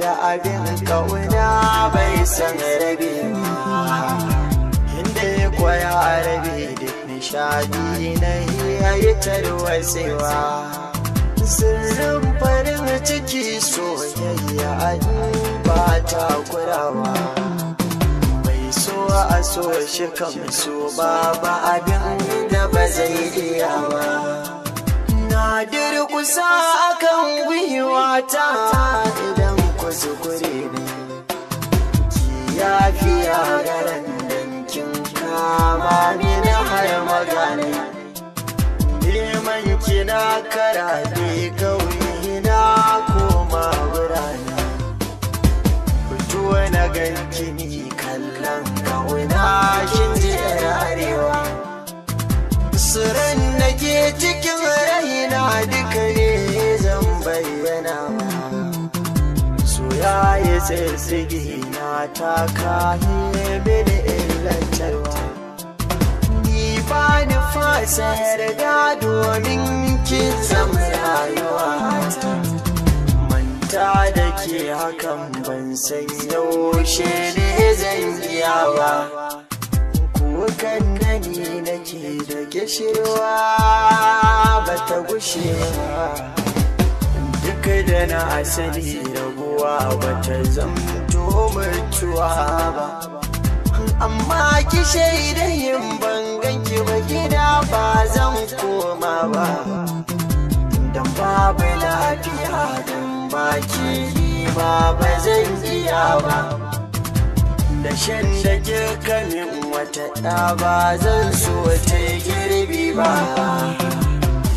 da abin kauna bai san rabi inda ya koya rabi duk nishadi na yayi tarwatsewa sirrin farin ciki soyayya ba ta kurawa mai so a so shi kan so ba ba abin da ba zai iya ba na durkusa akan gwiwata kuskure ne ki yafiya garan dankin kama ni na har magana neman kina karabe kawai yayi tsirtsigi na ta kayi mini illantarwa ni ba ni fasa yarda domin kin zama rayuwa Manta da ke hakan ban san yaushe ne zan iya ba kukan da ni nake da gishirwa ba ta gushe ba kai da na asali raguwa ba ta zamto mutuwa ba amma ki shaida yin bangan ki ba gida ba zan koma ba dan babu lafiya dan baki ba ba zan iya ba da shan da girka min wata ɗa ba zan so ta girbi ba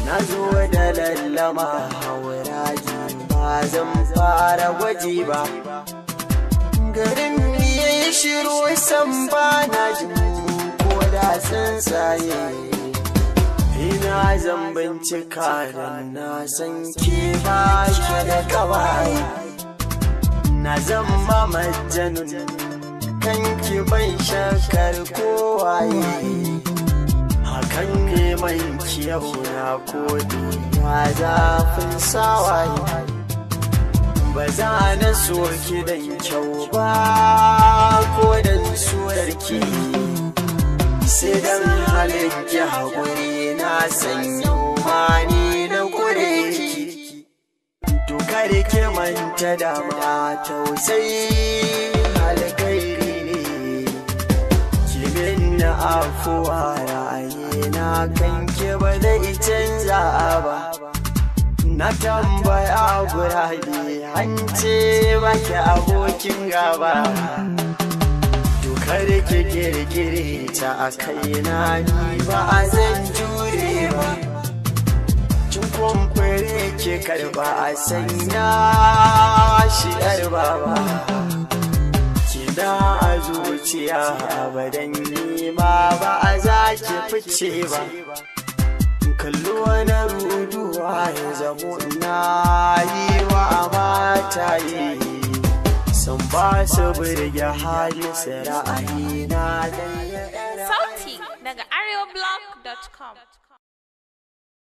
na zo da lallama haura ba zan fara gwaji ba garin ya yi shiru san ba na jin ko da tsuntsaye ina zan bincika da na san ke ba ke da kawai na zan kan kanki bai shakar kowaye hakan ne mai kiyau na kodi ya zafin sawaye ba za na so dan kyau ba ko dan su ki sai dan halarki haƙuri na sanyi mani na gure ki to kare ke manta da ma tausayi ne na afuwa ra'ayi kanke ba zai canza ba na tambaya gurabe hance maki abokin gaba dukar ki girgire ta a kaina ni ba a zan jure ba cin kwamfure ke karba a sanya shi ba. Ki kida a zuciya abadan nima ba a zaki fice ba kallo wani waye zamo na yi wa mata yi sun ba su birge hali ra'ayi na sauti daga areoblog.com